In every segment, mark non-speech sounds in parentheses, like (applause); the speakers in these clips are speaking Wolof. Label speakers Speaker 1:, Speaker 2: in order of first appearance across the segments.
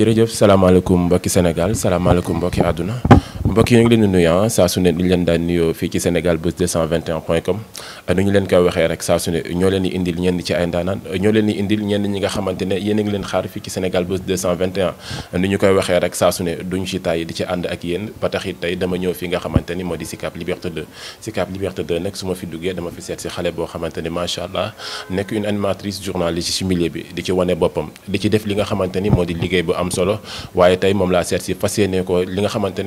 Speaker 1: jërëjëf salaamaaleykum mbokki Sénégal salaamaaleykum mbokki aduna mbokk yi ñu ngi leen di nuyu ah, saa su ne ñu leen daan nuyoo fii ci Sénégal Buzz 221 point euh, nu ñu leen koy waxee rek saa su ñoo leen di indil ñenn ci ay ndaanaan euh, ñoo leen di indil ñenn nga xamante ne ni euh, di ci ànd ak yéen ba tax tey dama ñëw fi nga xamante moo di Sicap Liberté 2 Sicap Liberté 2 nag su ma fi duggee dama fi seet si xale boo xamante ni allah nekk une animatrice journaliste ci milieu bi di ci wane boppam di ci def li nga xamante moo di li nga xamante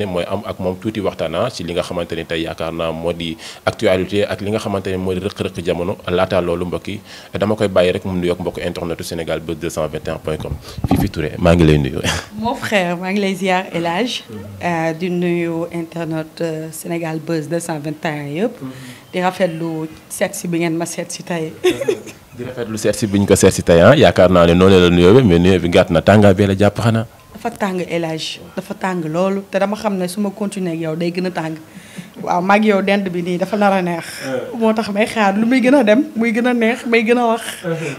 Speaker 1: moom tuuti waxtaana ah ci li nga xamante ni tey yaakaar naa moo di actualité ak li nga xamante ni moo di rëq-rëq jamono laata loolu mbokki dama koy bàyyi rek mu nuyoog mbokk internetu Sénégal Buzz 221 point com Fifi Touré maa ngi lay nuyu.
Speaker 2: (laughs) mon frère maa ngi lay ziar El Hadj mm-hmm. euh, di nuyu internet euh, Sénégal Buzz yëpp. Mm-hmm. di rafetlu seet si bi ngeen ma seet si tey.
Speaker 1: (laughs) di rafetlu seet si bi ko seet si tey ah yaakaar naa ne noonu la la nuyoo mais nuyoo bi gàtt na tàngaay bee la jàpp xanaa.
Speaker 2: dafa tàng élage dafa tàng loolu te dama xam ne su ma continuer ak yow day gën a tàng waaw mag yow dend bi nii dafa nar a neex. Eh. moo tax may xaar lu muy gën a dem muy gën a neex may gën a wax. Eh.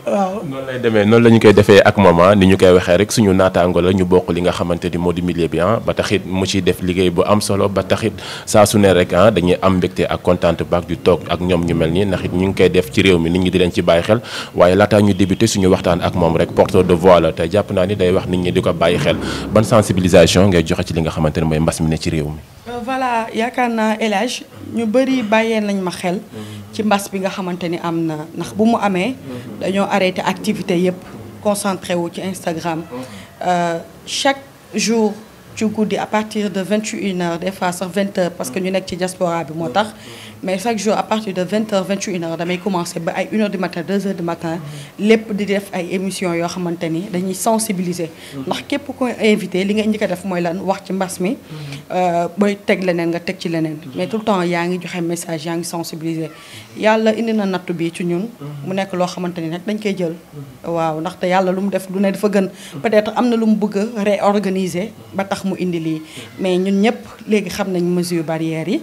Speaker 2: waaw
Speaker 1: noonu lay demee noonu la koy defee ak moom maman ah, ni ñu koy waxee rek suñu naataango la ñu bokk li nga xamante ni moo di milieu bi ah ba taxit mu ciy def liggéey bu am solo ba taxit saa su ne rek ah dañuy am mbégte ak kontaan baag di toog ak ñoom ñu mel nii ndax it ñu ngi koy def ci réew mi nit ñi di leen ci bàyyi xel waaye laataa ñu débuté suñu waxtaan ak moom rek porteur de te jàpp naa ni day wax nit ñi di ko bàyyi xel ban sensibilisation ngay joxe ci li nga xamante ne mooy mbas ne ci réew
Speaker 2: Euh, voilà yaakaar naa El ñu bëri bàyyee nañ ma xel ci mbas bi nga xamante ni am na ndax bu mu amee dañoo arrêté activité yëpp concentré wu ci Instagram euh, chaque jour ci guddi à partir de vingt et une heures des fois sax vingt heures parce que ñu nekk ci diaspora bi moo tax mais chaque jour à partir de 20h 21h damay commencer ba ay 1h du matin 2h du matin lépp di def ay émissions yoo xamante ni dañuy sensibiliser. ndax képp ko invité li nga indi a def mooy lan wax ci mbas mi. Euh, booy teg leneen nga teg ci leneen. mais tout le temps yaa ngi joxe message yaa ngi sensibiliser yàlla indi na nattu bi ci ñun. mu nekk loo xamante ni nag dañ koy jël. waaw ndaxte yàlla lu mu def lu ne dafa gën. peut-être am na lu mu bëgg a réorganiser ba tax mu indi lii mais ñun ñëpp léegi xam nañ mesures barrières yi.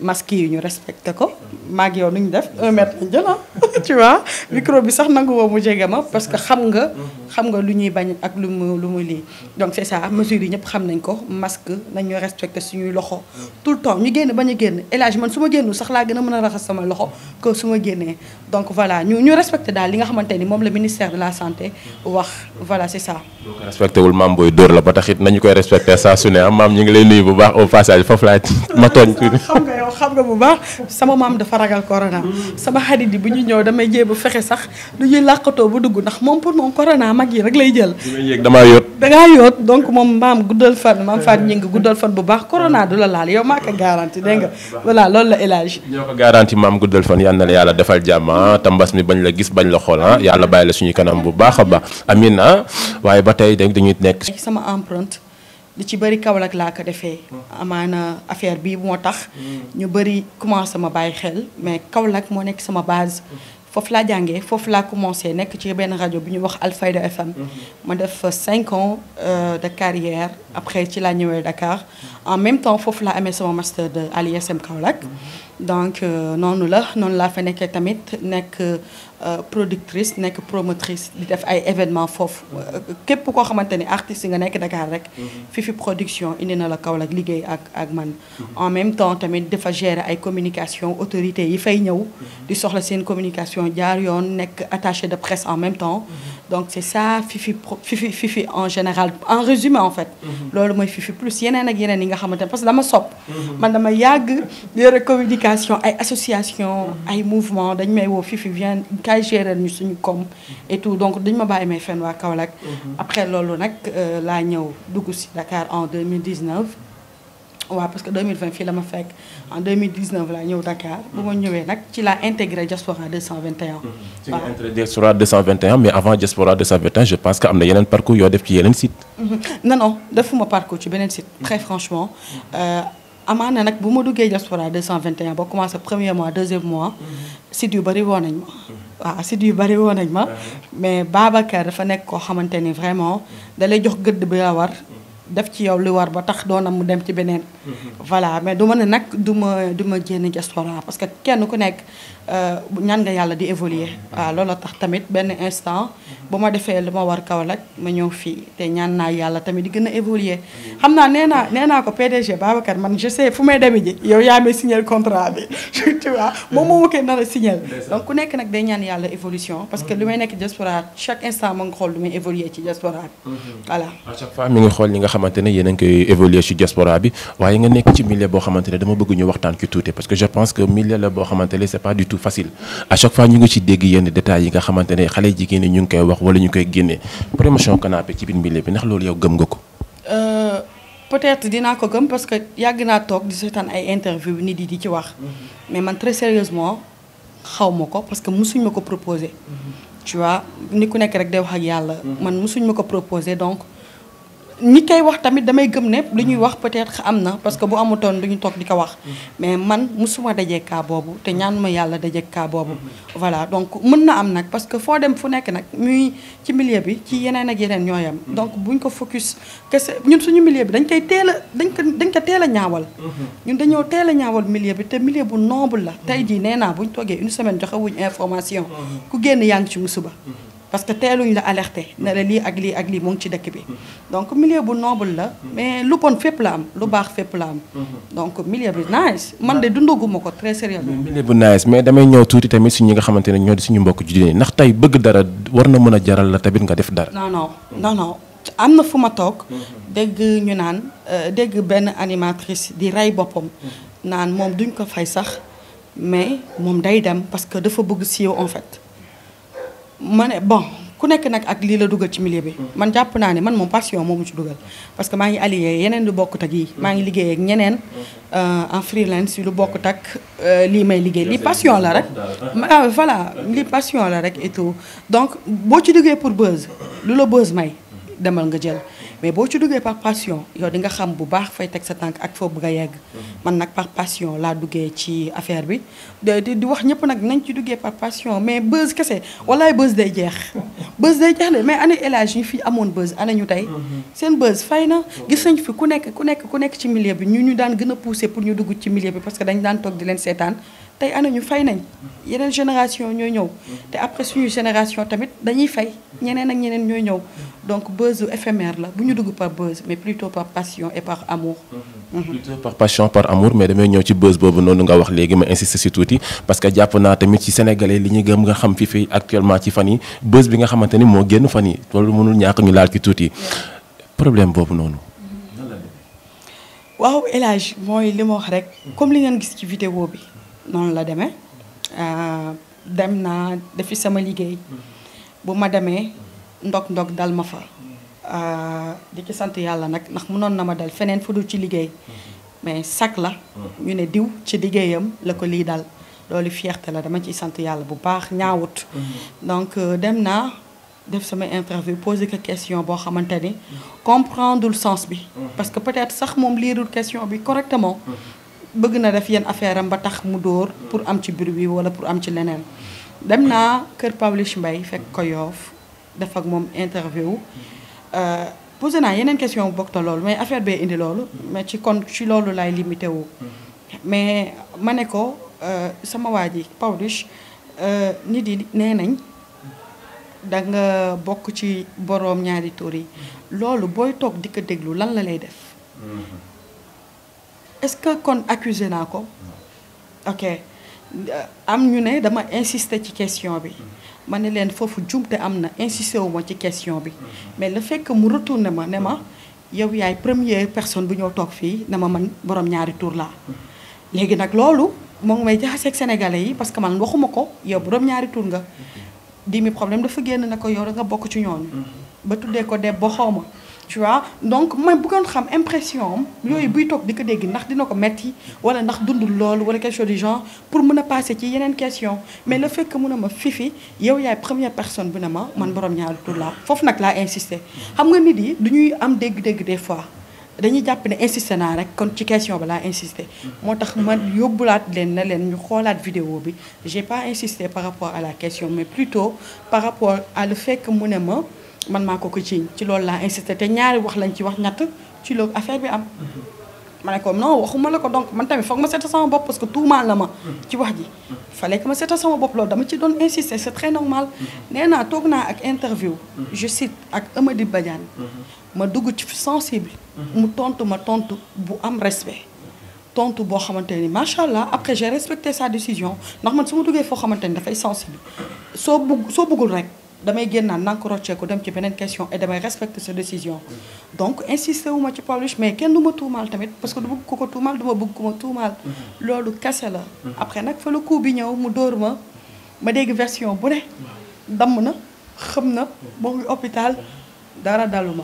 Speaker 2: masque yi ñu respecté ko maag yow nu ñu def un mètre lañ jël ah. (laughs) tu mm. micro bi sax nangu woo mu jege ma parce que xam nga mm-hmm. xam nga lu ñuy bañ ak lu mu lu mu lii donc c'est ça mesures yi ñëpp xam nañ ko masque nañu respecté suñuy loxo tout le temps ñu génn ba a génn élage man su ma génnul sax laa gën a mën a raxas sama loxo que ma génnee donc voilà ñu ñu respecté daal li nga xamante ni moom la ministère de la santé wax voilà c'est ça
Speaker 1: respecté wul maam booy dóor la ba tax it nañu koy respecte saa su ne am ah, maam ñu ngi lay nuyu bu baax au passage foofu laa (laughs) ma tooñ tuuti
Speaker 2: xam nga yow xam nga bu baax sama maam dafa ragal corona sama xarit yi bu ñu ñëw damay jéem a fexe sax du ñuy làqatoo bu dugg ndax moom pour moom corona mag yi rek lay jël. damaa yóot dangaa yóot donc moom maam guddal fan maam Fatou Gningue guddal fan bu baax corona du la laal yow maa ko garanti dégg nga ah, voilà la élage. ñoo
Speaker 1: ko garanti maam guddal fan yal na la yàlla defal jàmm ah. te mbas mi bañ la gis bañ la xool ah. yàlla bàyyi la suñu kanam bu baax a baax amin ah waaye ba tey dañuy nekk.
Speaker 2: sama empreinte. li ci bëri Kaolack laa ko defee. Hmm. amaana affaire bii moo tax. Hmm. ñu bëri commencé ma bàyyi xel mais Kaolack moo nekk sama base. Hmm. foofu laa jàngee foofu laa commencé nekk ci benn rajo bu ñuy wax Alfayda FM. Mhm. ma def cinq ans euh, de carrière après ci laa ñëwee Dakar en même temps foofu laa amee sama master de à l'ISM Kaolack. Mhm. donc euh, noonu la noonu laa fa nekkee tamit nekk euh, productrice nekk promotrice di def ay événement foofu euh, képp koo xamante ni artistes yi nga nekk Dakar rek mhm. Fifi production indi na la Kaolack liggéey ak ak man mhm. en même temps tamit dafa gérer ay communication autorité yi fay ñëw mhm. di soxla seen communication jaar yoon nekk attaché de presse en même temps donc c'est ça Fifi pro Fifi Fifi en général en résumé en fait. Mhm. loolu mooy Fifi plus yeneen ak yeneen yi nga xamante ne parce que dama sopp. Mhm. man dama yàgg yore communication ay association mhm. ay mouvement dañ may woo Fifi viens kay gérer ñu suñu koom. et tout donc dañ ma bàyyi may fenn waa Kaolack. après loolu nag euh, laa ñëw dugg si Dakar en 2019. waaw parce que 2020 fii la ma fekk en 2019 laa ñëw Dakar bu ma ñëwee nag ci laa intégré Diaspora 221. Mhm. waaw ci nga
Speaker 1: intégré Diaspora 221 mais avant mhm.
Speaker 2: euh, ba commencé premier mois deuxième mois. Mhm. site yu bëri ma. waaw site yu bëri ma. mais Babacar dafa nekk koo xamante ni vraiment da lay jox gëdd bi la def ci yow li war ba tax doonam mu dem ci beneen. Mhm. voilà mais du ma ne nag du ma du ma génn diaspora parce que kenn ku nekk euh, ñaan nga yàlla di évoluer. Mhm. waaw looloo tax tamit benn instant mhm. bu ma defee li ma war Kaolack ma ñëw fii te ñaan naa yàlla tamit di gën a évoluer. xam naa nee naa nee naa ko PDG Babacar man je may demee ji yow yaa may signé contrat bi (laughs) tu moom moo ma koy donc ku nekk nag day ñaan yàlla évolution. parce que li may nekk diaspora chaque instant ma ngi xool lu may évoluer ci diaspora bi. voilà
Speaker 1: xamante ne yéen a koy évoluer ci diaspora bi waaye nga nekk ci milieu boo xamante dama bëgg ñu waxtaan ci tuuti parce que je pense que milieu la boo xamante c'est pas du tout facile à chaque fois ñu ngi ci dégg yenn détails yi nga xamante xale jigéen ñu ngi koy wax wala ñu koy génnee promotion canapé ci biir milieu bi ndax loolu yow gëm nga ko.
Speaker 2: Euh, peut-être dinaa ko gëm parce que yàgg naa toog di seetaan ay interview nit yi di ci wax mm-hmm. ñi koy wax tamit damay gëm ne lu ñuy wax peut-être am na parce que bu amutoon du ñu toog di ko wax mm-hmm. mais man musuma dajee kaa boobu te mm-hmm. ñaan ma yàlla dajee kaa boobu mm-hmm. voilà donc mën na am nag parce que foo dem fu nekk nag muy ci millier bi ci yeneen ak yeneen ñoo yam donc buñ ko focus kese ñun suñu milieu bi dañ koy teel a dañ ko dañ ko teel a ñaawal ñun dañoo teel a ñaawal milieu bi te millier bu noobu la tey jii nee naa buñ toogee une semaine joxe wuñ information ku génn yaa ngi ci musuba parce que teeluñ la alerté ne lii ak lii ak lii mu ngi ci dëkk bi donc milieu bu noble la mais lu bon fépp la am lu baax fépp la am donc milieu bi nice man de dundaguma ko très sérieux milieu
Speaker 1: bu nice mais damay ñëw tuuti tamit suñu nga xamante ne ñoo di suñu mbokk judee ndax tey bëgg dara war na mën a jaral la tamit nga def dara
Speaker 2: non non non non am na fu ma toog dégg ñu naan euh, dégg benn animatrice di rey boppam naan moom duñ ko fay sax mais moom day dem parce que dafa bëgg siiw en fait ma ne bon ku nekk nag ak lii la dugal ci milieu bi hmm. man jàpp naa ne man mu passion moomu ci dugal parce que maa ngi allié yeneen lu bokkut ak yi maa ngi hmm. liggéey ak ñeneen hmm. euh, en freelance lu bokkut ak euh, lii may liggéey lii passion la rek ma ah, voilà lii passion la rek et donc boo ci liggéey pour buzz lu la buzz may demal nga jël mais boo ci duggee par passion yow di nga xam bu baax fay teg sa tànk ak foo bëgg a yegg. Mhm. man nag par passion laa duggee ci affaire bi di di wax ñëpp nag nañ ci duggee par passion mais buzz kese walaay buzz day jeex. (laughs) buzz day jeex de mais année élage yi fi amoon buzz ana ñu tey. Mhm. seen buzz fay na gis nañ fi ku nekk ku nekk ku nekk ci milieu bi ñu ñu daan gën a poussé pour ñu dugg ci milieu bi parce que dañ daan toog di leen seetaan. tey ana ñu fay nañ yeneen génération ñooy ñëw te après suñu génération tamit dañuy fey ñeneen ak ñeneen ñooy ñëw donc buzz éphémère la bu ñu dugg par buzz mais plutôt par passion et par amour.
Speaker 1: Mhm. plutôt par passion par ñëw ci buzz boobu noonu nga wax léegi ma insister si tuuti parce que jàpp naa tamit ci sénégalais li ñu gëm nga xam fi fi actuellement ci fan yi buzz bi nga xamante ni moo génn fan yi loolu mënul ñàkk ñu laal ci tuuti problème boobu noonu.
Speaker 2: waaw El mooy li wax rek comme li ngeen gis ci vidéo bi. noonu la demee euh, dem naa defi sama liggéey bu ma demee ndog ndog dal ma fa euh, di ci sant yàlla nag ndax mënoon na ma dal feneen fu dul ci liggéey mais sac la ñu ne diw ci liggéeyam la ko lii dal loolu fierté la dama ciy sant yàlla bu baax ñaawut donc euh, dem naa def sama interview posé ko question boo xamante ni comprendreul sens bi parce que peut-être sax moom liirul question bi correctement bëgg na def yenn affaire am ba tax mu dóor pour am ci biir bi wala pour am ci leneen dem naa kër Pawlish mbay fekk ko yoof def ak moom interview euh, posé naa yeneen question bu bokk te loolu mais affaire bee indi loolu mais ci kon ci loolu laay limité wu mais ma ne ko euh, sama waa ji Pawlish euh, nit yi nee nañ da nga bokk ci boroom ñaari tur yi loolu booy toog di ko déglu lan la lay def mm-hmm. est-ce que kon accuser naa ko ok am ñu ne dama insister ci question bi mm. ma ne leen foofu jumte am na insister wu ma ci question bi mm. mais le fekk que mu ne ma ne ma yow yaay première personne bu ñëw toog fii ne ma man borom ñaari tour laa mm. léegi nag loolu moo ngi may jaxaseeg sénégalais yi parce que man waxuma ko yow borom ñaari tour nga di mi problème dafa génn na ko yow da nga bokk ci ñooñu ba tuddee ko deb ba xaw ma tu vois donc man bëggoon xam impression yooyu buy toog di ko dégg ndax dina ko metti wala ndax dundul loolu wala quelque chose du genre pour mun a passer ci yeneen question mais le fekk que mun a ma fifi yow yaay première personne bu ne ma man borom ñaar tur laa foofu nag laa insister xam nga nit yi du ñuy am dégg-dégg des fois dañuy jàpp ne insister naa rek kon ci question bi laa insister moo tax man yóbbulaat leen na leen ñu xoolaat vidéo bi j'ai pas insisté par rapport à la question mais plutôt par rapport à le fait mu ne ma man maa ko ko ciiñ ci loolu laa insisté te ñaari wax lañ ci wax ñett ci loolu affaire bi am ma ne ko non waxuma la ko donc man tamit foog ma seeta sama bopp parce que tuumaal la ma ci wax ji fa que ma seeta sama bopp loolu dama ci doon insister c'est très normal nee naa toog naa ak interview je cite ak Amady Badiane ma dugg ci sensible mu tontu ma tontu bu am respect tontu boo xamante ni macha allah après j'ai respecté sa décision ndax man su ma duggee foo xamante ni dafay sensible soo bëgg soo bëggul rek damay génnaan naa ko rocceeku dem ci beneen question et damay respecter sa décision donc insisté wu ma ci Pawlish mais kenn du ma tuumaal tamit parce que du bëgg ku ko tuumaal du ma bëgg tuumaal loolu kese la après nag fa la coup bi ñëw mu dóor ma ma dégg version bu ne damm na xam na moom ngi hôpital dara dalu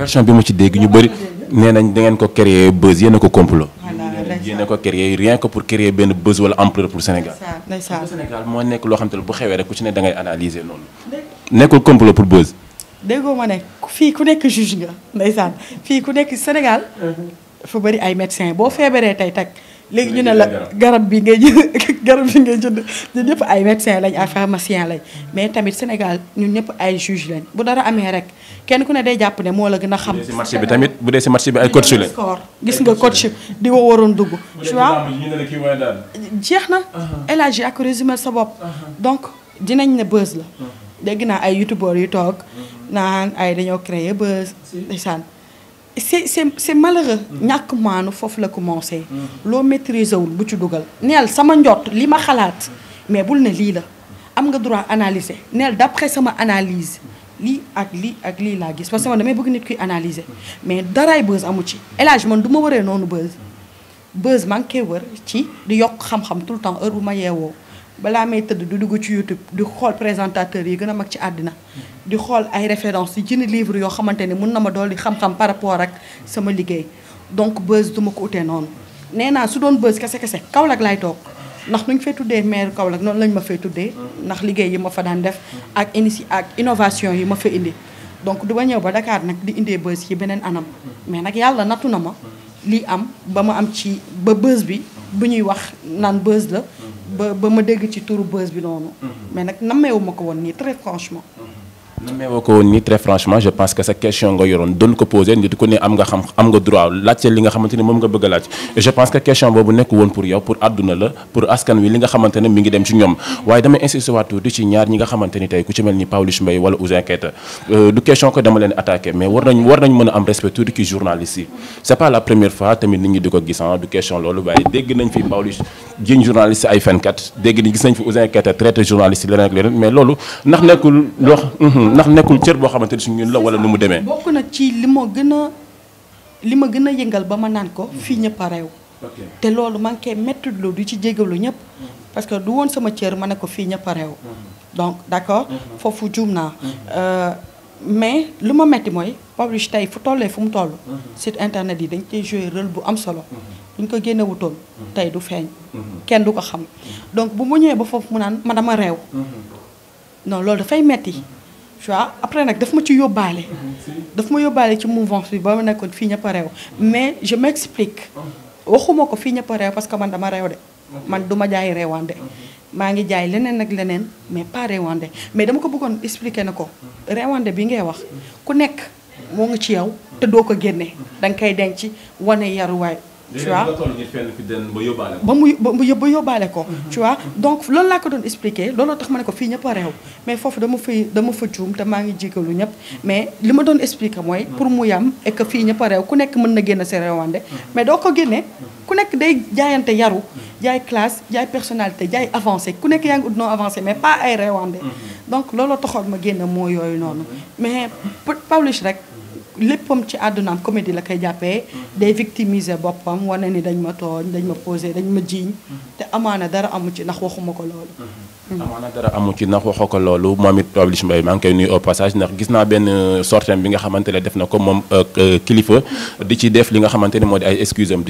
Speaker 2: version
Speaker 1: bi ma ci dégg ñu bëri nee nañ dangeen ko créer buzz yéen ko complot yéen ko créer rien que pour créer benn buzz wala ampleur pour Sénégal Sénégal moo nekk loo xam te ne bu xewee rek ku ci ne da ngay analyser noonu nekkul complot pour Beuz.
Speaker 2: déggoo ma ne fii ku nekk juge nga ndeysaan fii ku nekk Sénégal. dafa bari ay médecins boo feebaree tey teg. léegi ñu ne la garab bi ngay jënd (laughs) garab bi ngay jënd ñun ñëpp ay médecins lañ ay pharmaciens lañ mais tamit Sénégal ñun ñëpp ay juge lañ bu dara amee rek kenn ku ne day jàpp ne moo la gën a xam. bu si marché bi tamit
Speaker 1: bu dee si marché bi ay coach lañ.
Speaker 2: gis nga coach di woo waroon dugg. tu
Speaker 1: vois jeex na. Uh-huh.
Speaker 2: El Hadj ak résumé sa bopp. Uh-huh. donc dinañ ne Beuz la. Uh-huh. dégg naa ay youtubeur yu toog mm-hmm. naan ay dañoo créer buzz ndeysaan c'est c'est c'est malheureux mm-hmm. ñàkk maanu foofu la commencé mm-hmm. loo maîtriser wul bu ci dugal neel sama njot li ma xalaat mais bul ne lii la am nga droit analyser neel d'après sama analyse lii ak lii ak lii laa gis parce que damay bëgg nit kuy analyser mais daray buzz amu ci élage man du ma waree noonu buzz buzz maa ngi ci di yokk xam-xam tout le temps heure bu ma yeewoo balaa may tëdd du dugg ci YouTube di xool présentateur yi gën a mag ci àddina di xool ay références yi jënd livre yoo xamante ne mun na ma dolli xam-xam par rapport ak sama liggéey donc buzz du ma ko utee noonu nee naa su doon buzz kese kese Kaolack laay toog ndax nu ñu fay tuddee maire Kaolack noonu lañ ma fay tuddee ndax liggéey yi ma fa daan def ak inici ak innovation yi ma fa indi donc du ma ñëw ba Dakar nag di indee buzz yi beneen anam mais nag yàlla nattu na ma lii am ba ma am ci ba buzz bi bu ñuy wax naan buzz la ba ba ma dégg ci turu bës bi noonu mm-hmm. mais nag nameewu ma ko woon nii très franchement
Speaker 1: na meewoo ko woon nii très franchement je pense que sa question nga yoroon doon ko posé nit ku ne am nga xam am nga droit laajte li nga xamante moom nga bëgg laaj je pense que question boobu nekk woon pour yow li nga xamante ne ngi dem ci ñoom waaye dama insisté waat tuuti ci ñaar ñi nga xamante tey ku ci mel ni Pawlish Mbaye wala Ouzin euh, du question que dama leen attaqué mais war nañ mën am respect tuuti ci journaliste yi c'est ndax nekkul cër boo xamante ni su ñun la wala nu mu demee. bokk
Speaker 2: na ci li ma gën a li ma gën a yëngal ba ma naan ko fii ñëpp a réew te loolu man kay méttit lu du ci jégalu ñëpp. parce que du woon sama cër ma ne ko fii ñëpp a réew donc d' accord foofu juum naa. Euh, mais lu ma metti mooy publish tey fu tollee fu mu toll. site internet yi dañ cee joué rôle bu am solo. duñ ko génne wutoon tey du feeñ. kenn du ko xam donc bu mu ñëwee ba foofu mu naan ma dama réew. non loolu dafay metti tu vois après nag daf ma ci yóbbaale. daf ma yóbbaale ci mouvance bi ba ma nekkoon fii ñëpp a réew mais je m'explique waxuma ko fii ñëpp a parce que man dama réew de man du ma jaay réewande maa ngi jaay leneen nag leneen mais pas réewande mais dama ko bëggoon expliquer na ko réewande bi ngay wax ku nekk moo ngi ci yow te doo ko génne da nga koy denc wane yaruwaay tu
Speaker 1: vois ba
Speaker 2: mu yóbbaale ko tu vois donc loolu laa ko doon expliquer looloo tax ma ne ko fii ñëpp a mais foofu dama fay dama fa juum te maa ngi jégalu ñëpp mais li ma doon expliquer mooy pour mu yam et fii ñëpp a ku nekk mën na génn sa réewande mais doo ko génne ku nekk day jaayante yaru jaay classe jaay personalité jaay avancé ku nekk yaa ngi ut noo avancé mais pas ay réewande mm-hmm. donc looloo taxoon ma génn moo yooyu noonu mais Pawlish rek léppam ci àddunaam comédie la koy jàppee day victimiser boppam wane ni dañ ma tooñ dañ ma posé dañ ma jiiñ te amaana dara amul ci ndax waxuma ko loolu
Speaker 1: amaana dara amu ci ndax waxoo ko loolu moom it Pawlish Mbaye maa ngi koy nuyu au passage ndax gis naa benn euh, sortem bi nga xamante def na ko moom euh, euh, kilifa moo di ay excuse ni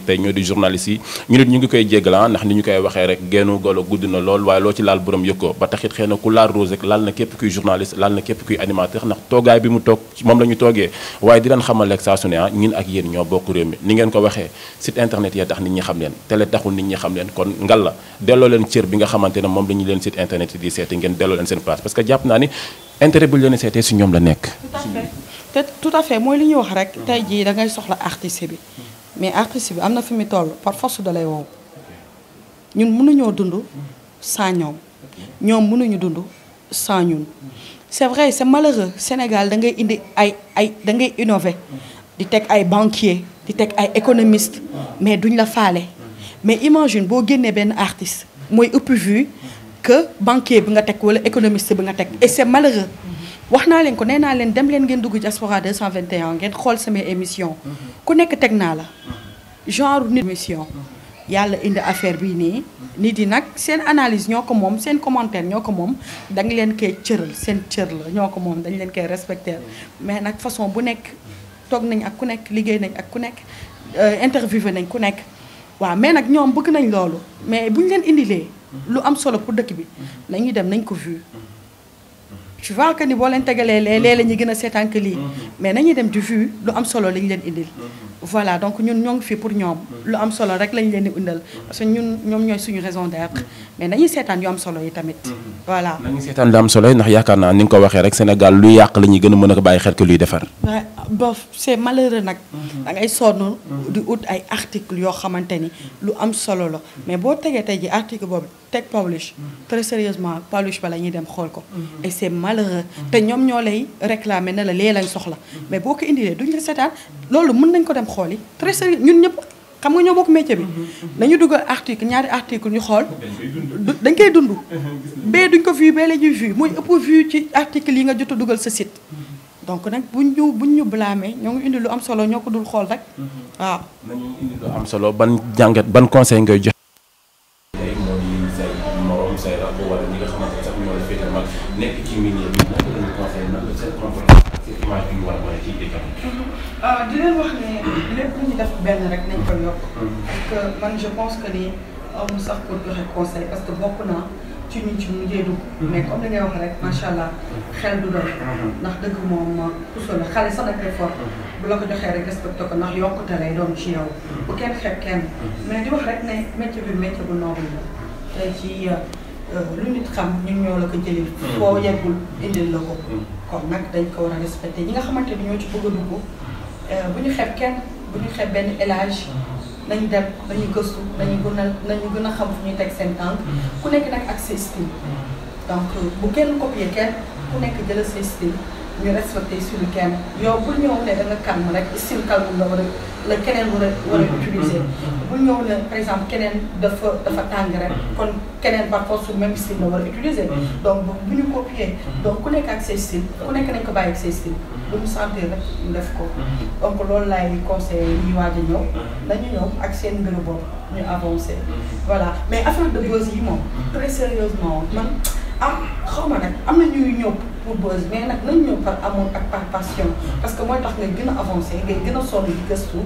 Speaker 1: tey ñoo di journaliste yi ñu nit ñu ngi koy jéggala ah, ndax ni ñu koy toogee waaye di leen xamal rek saa su ah ñun ak yéen ñoo bokk réew mi ni ngeen ko waxee site internet yee tax nit ñi xam leen télé taxul nit ñi xam leen kon ngal la delloo leen cër bi nga xam xamante ne moom la ñu leen site internet di seeti ngeen delloo leen seen place parce que jàpp naa ni intérêt bu ñu leen seetee si ñoom la nekk.
Speaker 2: te tout à fait mooy li ñuy wax rek. tey jii da ngay soxla artiste bi. mais artiste bi am na fi mu toll par force da lay wow ñun mënuñoo dund sans ñoom ñoom mënuñu dund sans ñun. c'est vrai c'est malheureux Sénégal da ngay indi ay ay da ngay innover di teg ay banquier di teg ay économiste mais duñ la faale mais imagine boo génnee benn artiste. mooy ëpp vue que banquier bi nga teg wala économiste bi nga teg et c'est malheureux wax naa leen ko nee naa leen dem ngeen dugg diaspora 221 ngeen xool samay émission ku nekk teg naa la genre nit émission yàlla indi affaire bi nii nit yi nag seen analyse ñoo ko moom seen commentaire ñoo ko moom dañ leen koy cëral seen cër la ñoo ko moom dañ leen koy respecter mais nag façon bu nekk toog nañ ak ku nekk liggéey nañ ak ku nekk euh, interviewé nañ ku nekk waaw mais nag ñoom bëgg nañ loolu mais bu ñu leen indilee lu am solo pour dëkk bi nañuy dem nañ ko vu tu vois que ni boo leen tegalee léeg-léeg la gën a seetaan que lii mm-hmm. mais nañuy dem di vu lu am solo lañ leen indil voilà donc ñun ñoo ngi fi pour ñoom. Mm. lu am solo rek lañ leen di undal. Mm. parce que ñun ñoom ñooy suñu raison d'être. Mm. mais nañuy seetaan yu am solo yi tamit. Mm-hmm. voilà nañuy seetaan lu
Speaker 1: solo yi ndax yaakaar naa ni nga ko waxee rek Sénégal lu yàq la ñuy gën a mën a ko bàyyi xel que luy defar.
Speaker 2: bof c'est malheureux nag. Mm-hmm. da ngay sonn mm-hmm. di ut ay articles yoo xamante ni lu am solo la mais boo tegee tey ji article boobu teg publish. très sérieusement publish la ñuy dem xool ko. et te ñoom ñoo lay réclamer ne la lee soxla. mën nañ ko dem dem xooli très sérieux ñun ñëpp xam nga ñoo bokk métier bi. dañu mhm. dugal article ñaari article ñu xool. dañ koy dund. (laughs) bee duñ ko vu bee la ñuy vu mooy ëpp vu ci article yi nga jot a dugal sa site. Mhm. donc nag buñ ñu buñ ñu blâmé ñoo ngi indi lu am solo ñoo ko dul xool rek mhm. waaw.
Speaker 1: nañu am solo ban jàngat ban conseil ngay jox. image bi ñu ah, di leen wax ni lépp lu ñu def
Speaker 2: benn rek nañ ko yokk. Mm-hmm. parce que man je pense que ni amul sax ko joxe conseil parce que bokk naa ci ñun ci mujjee dugg. Mm-hmm. mais comme li wax rek macha allah xel du doy. Mm-hmm. ndax dëgg moom puso la xale sax da koy bu la ko joxee rek respecté ko ndax yokkute lay doon ci yow. bu kenn xeeb kenn. mais di wax rek ne métier bi métier bu noble la tey ci euh, lu nit xam ñun ñoo la ko jëlee. foo yeggul indil la ko. kon nag dañ ko war a respecté ñi nga xamante ni ñoo ci bëgg a dugg euh, bu ñu xeeb kenn bu ñu xeeb benn élage nañu dem nañu gëstu nañu gën a nañu gën a xam fu ñuy teg seen tànk ku nekk nag ak sa style mm. donc bu kenn copier kenn ku nekk jëla sa style ñu respecté suñu kenn yow bu ñëw ne da nga calme rek style calme la war la keneen war a war a mm-hmm. Mm-hmm. ñëw ne par exemple keneen dafa dafa tàng rek mm-hmm. kon keneen par force même style la war a utiliser donc bu ñu copier donc ku nekk ak say style ku nekk nañ ko bàyyi ak say style lu mu sentir rek ñu def ko donc loolu laay conseillé ñuy waaj a ñëw dañu ñëw ak seen ngërë ñu avancé voilà mais affaire de buzz yi moom très sérieusement man ah, a na ñuy ñëw pour buzz mais nag nañ ñëw par amour ak par passion parce que mooy tax ngay gën a avancé ngay gën a sonn di gëstu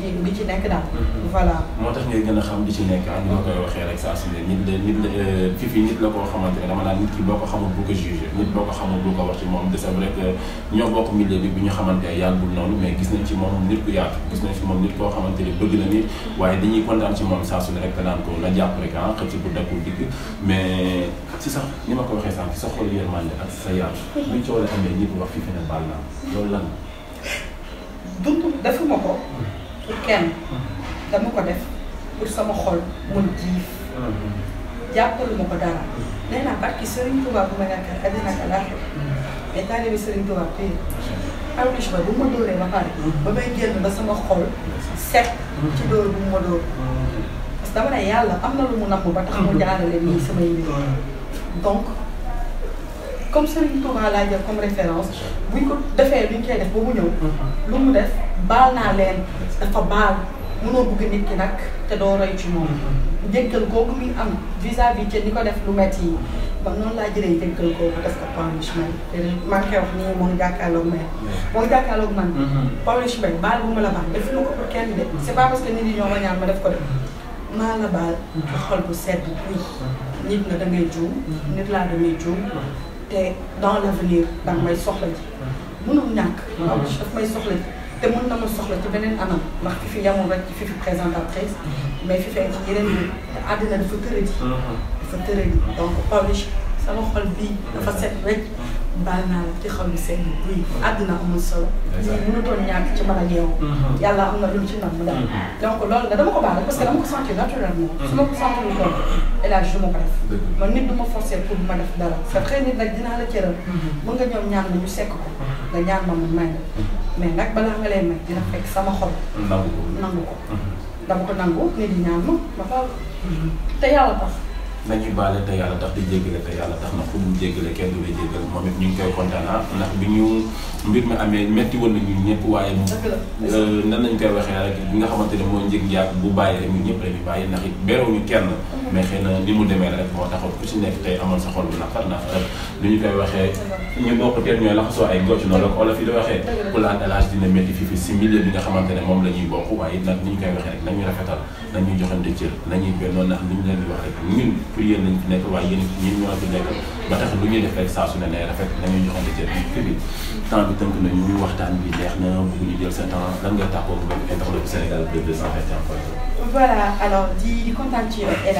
Speaker 2: ji bi ci nekk daal. Mm-hmm. voilà
Speaker 1: moo tax ngay gën a xam di ci nekk am nga koy waxee rek saa su ne nit la nit la euh, fii nit la koo xamante dama naan nit ki boo ko xamul bu ko jugé nit boo ko xamul bu ko wax ci moom de c'est ñoo bokk milieu bi bi ñu xamante ne yàggul noonu mais gis nañ ci moom nit ku yaatu gis nañ ci moom nit koo xamante bëgg na nit waaye dañuy kontaan ci moom saa su ne rek te naan ko la jàpp rek ah xëcc bu dakkul digg mais si sax ni ma ko waxee sànq sa xol yërmande sa yaatu. buñ coow la amee la.
Speaker 2: kenn dama ko def pour sama xol mun jiif jàppalu ma ko dara nee naa barki Serigne Touba bu ma nekkal àddina ak àllaaxira mais taalibi Serigne Touba pire Pawlish Ba bu ma dóoree ba pare ba may génn ba sama xol set ci dóor bu ma dóor parce que dama ne yàlla am na lu mu namm ba tax mu jaarale nii samay mbir donc comme Serigne Touba laa jël comme référence buñ ko defee luñ koy def ba mu lumu lu def baal naa leen dafa baal mënoo bëgg nit ki nag te doo roy ci moom jéggal googu muy am vis-à-vis ca ko def lu mett yi ba noonu laa jëlee jéggal googu def ko punishment maa ngi koy wax nii man moom jàkkaarloog man mm-hmm. punishment baal bu ma la baal def lu ko pour kenn de c'est pas parce nit ñoo ma ñaan ma def ko def maa la baal nga mm-hmm. xol bu sedd buy mm-hmm. nit na da juum nit laa damay juum te dans l'avenir danga may soxla ji mënul ñàkk daf may soxla ji te mën na ma soxla ci beneen anam i fi fi yamul rek ci fi fi présentatrice mhm. mais fi fekk yeneen yi te àddina dafa tëradi mhm. dafa tëradi donc Pawlish sama xol bii dafa set rek baal naa la ci xol bi seen buy àdduna amul solo lii mënutoon ñàkk ci mën a yeewu mhm. yàlla am na lu ci nam mu dem mhm. donc loolu la dama ko baal parce que dama ko sentir naturellement mhm. su ma ko sentir lu doon élage du ma ko def man nit du ma forcer pour ma def dara parce que xëy nit nag dinaa la cëral mën nga ñoom ñaan la ñu sekk ko nga ñaan ma mu may la mais nag balaa nga lay may dina fekk sama xol nangu ko nangu ko dama ko nangu nit di ñaan ma ma baal te yàlla tax
Speaker 1: nañuy baale te yàlla tax di jéggale te yàlla tax na ku dul jéggale kenn du la jéggal moom it ñu ngi koy kontaan ah, ndax bi ñu mbir mi amee métti woon nañu ñëpp waaye euh, nan nañ koy waxee rek bi nga xamante ne mooy njëg njaag bu bàyyi rek ñun ñëpp la ñu bàyyi ndax it beeruñu kenn mais xëy na mu demee rek moo taxoon ku ci nekk tey amal sa xol ndax lu euh, ñu waxee ñu bokk teen ay gocc la olof yi di waxee ku laal élage dina métti fii si milieu bi nga xamante ne moom la ñuy bokk waaye it nag ni ñu koy waxee rek nañu rafetal nañuy joxante cër nañuy bennoon ndax leen di wax rek ñun pour nekk waaye yéen ñun ñoo fi nekk ba tax lu ñuy def rek saa su ne nee rafet nañuy joxante cër bi temps bi tënk nañu waxtaan bi neex na bëgg jël sa temps lan nga tàqoo ko benn internet Sénégal 221
Speaker 2: voilà alors di di kontaan ci yow El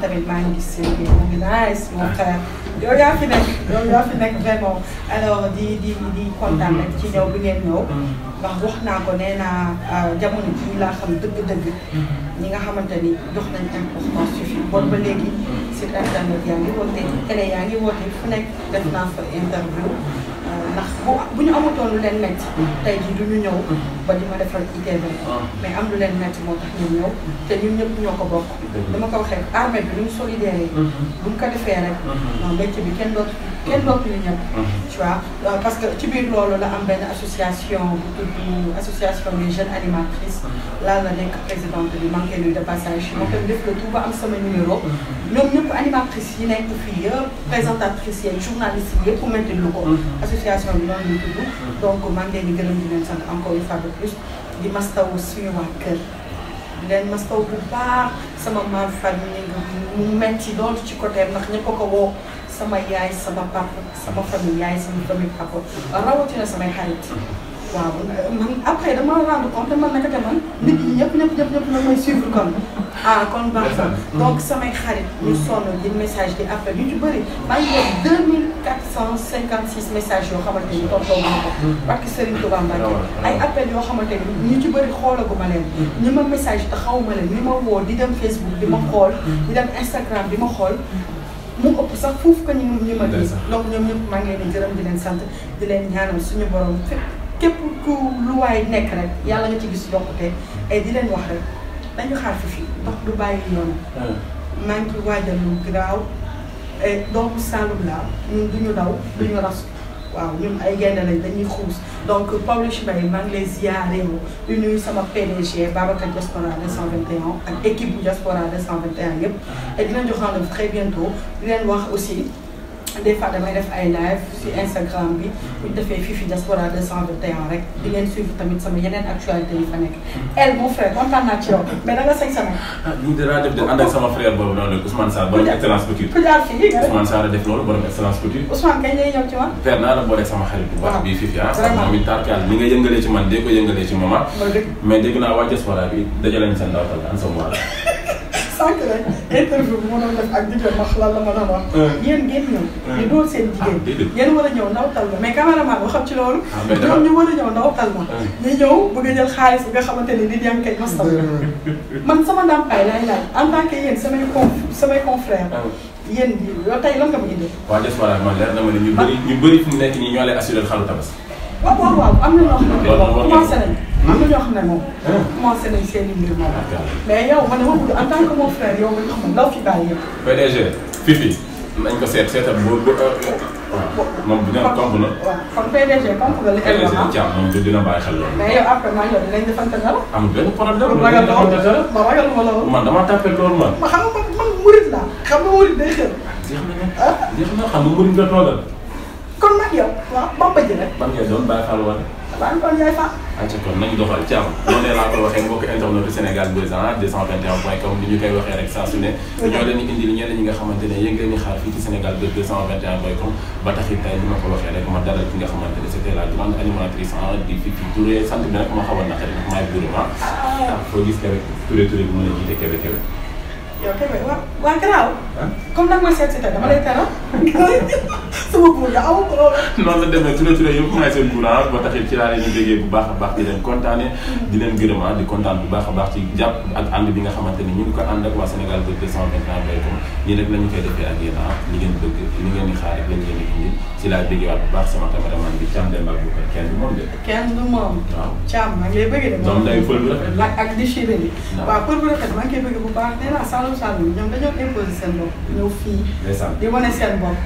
Speaker 2: tamit maa ngi gis seen mu ngi nice mon frère yow yaa nekk yow yaa fi nekk vraiment alors di di di kontaan rek mm-hmm. ci ñëw bi ngeen ñëw mm-hmm. ndax wax naa ko nee naa euh, jamono jii laa xam dëgg-dëgg mm-hmm. ñi nga xamante ni jox nañ importance ci ba léegi site internet yaa ngi woote télé yaa ngi woote fu nekk def naa fa interview euh, bu bu ñu amutoon lu leen métti. Mm-hmm. tey jii du ñu ñëw. Mm-hmm. ba di ma defal ITV. E ah. mais am lu leen métti moo tax ñu ñëw. Mm-hmm. te ko bokk. dama ko waxee armée bi lu mu solidaire yi. bu ko defee rek. non bi kenn dootu kenn dootu ñu ñëpp. tu vois euh, parce que ci biir loolu la am benn association bu tudd association des la nekk présidente bi manqué de passage. moo am sama numéro. ñoom ñëpp animatrices yi nekk fii yëpp présentatrices yeeg yi yëpp ku métti lu ko. association bi Diwan ñu tudd donc maa ngi leen di gërëm di leen sant encore une fois de plus di mastawu suñu waa kër di leen mastaw bu baax sama maam famille mu metti loolu ci côté ndax ñëpp ko woo sama yaay sama papa sama famille yaay sama famille papa rawatina samay xarit waaw man après dama rendre compte man naka te man nit ñi ñëpp ñëpp ñëpp ñëpp na may suivre kon ah kon baax na donc samay xarit. ñu mm. sonn di message di appel yu ci bëri maa ngi def deux quatre cent cinquante six messages yoo xamante ni tontoo wu ko. parce mm. que Serigne Touba Mbacke ah ah ay appel yoo xamante ni ñu ci bëri xoolagu ma leen. ñi mm. ma message te xaw ma leen ni ma woo di dem Facebook di ma xool. di dem Instagram di ma xool. mu ëpp sax foofu que ñu ñu ma di donc ñoom ñëpp maa ngi leen di leen sant di leen ñaanal suñu borom fépp képp ku lu waay nekk rek yàlla nga ci gis yokkute et di leen wax rek. dañu xaar fi fii ndox du bàyyi noonu. Hmm. maa ngi waajal lu garaaw eh, doomu Saloum laa ñun du ñu daw du ñu rasu waaw ñun ay gaynde lañ dañuy xuus donc Pawlish Mbaye maa ngi lay ziare wu di nuyu sama PDG Babacar Diaspora 221 ak équipe bu Diaspora 221 yëpp. et hmm. dinañ jox rendez-vous très bientôt di leen wax aussi. des da damay def ay live si mhm. Instagram bi bu ñu defee Fifi Diaspora 221 rek di ngeen suivre tamit sama yeneen actualité yi fa nekk. El mon frère kontaan naa ci yow mais da nga sañ sama.
Speaker 1: ah ñu ngi def de ànd ak sama frère boobu noonu rek Ousmane Sarr borom excellence couture. ku def loolu borom excellence couture. Ousmane
Speaker 2: kañ lay ñëw man.
Speaker 1: père naa la boole sama xarit bu ah. nga yëngalee ci man dee ko yëngalee ci maman. mais dégg naa waa Diaspora bi dajale nañ seen ndawtal an sama wàll. (laughs)
Speaker 2: sànq rek interview bi mënoon def ak jigéen wax lan la mën a wax. yéen ngeen ñëw. di dóor seen ah, jigéen. ngeen war a ñëw ndawtal ma mais cameraman waxam ci loolu. Ah, ñoom ñu war a ñëw ndawtal ma. ñu ñëw bëgg a jël xaalis bi nga xamante ni nit yaa ngi koy man sama ndàmpaay laay laaj en tant que yéen samay con samay confrères. Ah, yéen yow tey lan nga ma indee.
Speaker 1: waaw man leer na ma ne ñu bëri ñu bëri fu mu nii ñoo lay assuré xalu tabaski.
Speaker 2: waaw waaw waaw am na loo am na ñoo xam ne moom. commencé nañ seen i mbir moom. mais yow man dama bëgg en tant que mon frère yow nga xam ne ndaw fi bàyyi yëpp.
Speaker 1: PDG Fifi nañ ko seet seetal bu bu. Euh, waaw moom bu ñu komp na.
Speaker 2: waaw kon PDG komp nga li. PDG
Speaker 1: moom du dina bàyyi xel loolu. mais
Speaker 2: yow après maa ngi yor dinañ defante ne la.
Speaker 1: amul benn problème ma ragal ma loolu. man damaa tàppe loolu man.
Speaker 2: ma xam nga man murit laa. xam nga murit day
Speaker 1: xel. jeex na ah. jeex na xam nga murit nga toogal.
Speaker 2: kon nag yow waaw bamba ji nag.
Speaker 1: ban ngay doon Baye Fall wala.
Speaker 2: waaw kon yaay Fall.
Speaker 1: ayca kon nañu doxal caaw noonu laa koy waxee mbokk internet Sénégal 221 221 point ñu koy waxee rek sa su ne. ñoo leen di indil ñeneen ñi nga xamante ne yéen ngeen di xaar fii ci Sénégal 221 point com ba taxit tey li ma ko waxee rek ma dalal ki nga xamante ne c'était la grande animatrice ah di Fifi Touré sant bi ma xawoon naqari nag maay Touré ah. ah foo gis
Speaker 2: yow kay waaw waaw garaaw. comme nag mooy seet si tey dama lay teral. sama buur nga amu ko loolu.
Speaker 1: noonu la demee Touré Touré yëpp may seen buur ah boo taxee ci laa leen di déggee bu baax a baax di leen kontaane. di leen gërëm ah di kontaan bu baax a baax ci jàpp ak ànd bi nga xamante ni ñu ngi ko ànd ak waa Sénégal de 221 Belcom nii rek la ñu koy defee ak yéen ah li ngeen bëgg li ngeen di xaar ak li ngeen di indi ci laa déggeewaat bu baax sama cameraman bi Thiam Demba ak bu ko kenn du moom de.
Speaker 2: kenn du moom. waaw Thiam maa ngi lay bëgg de. moom day pël bu rafet ak di chine bi. waaw pël bu rafet maa ngi koy bëgg bu baax nee naa saalum saalum ñoom dañoo imposer seen bopp ñëw fii. di wane seen bopp.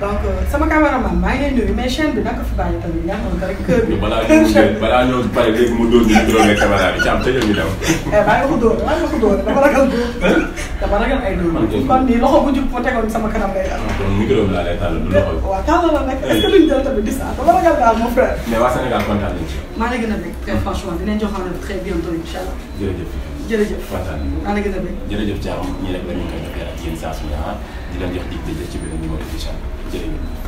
Speaker 2: donc sama cameraman maa ngi lay nuyu mais chaîne bi naka fi bàyyi tamit nga xam
Speaker 1: ne rek kër bi. balaa ñëw balaa ñëw pare léegi mu dóor ñu juróome caméra bi ci am tëjal ñu dem.
Speaker 2: bàyyi nga ko dóor bàyyi nga ko dóor dama ragal dóor dama ragal
Speaker 1: ay dóor. kon
Speaker 2: nii loxo bu jub ma tegoon sama kanam lay am.
Speaker 1: kon micro bi laa lay tàllal du loxo bi.
Speaker 2: waaw tàllal la nag est-ce que duñ jël tamit distance dama ragal daal mon frère. mais
Speaker 1: waa Sénégal kontaan nañ ci.
Speaker 2: maa ngi gën a nekk très franchement dinañ joxoon très bientôt incha allah.
Speaker 1: jërëjëf jërëjëf kontaan nañu jërëjëf Thiam ñii rek la ñu koy defee ah. di leen jox dig daje ci beneen numéro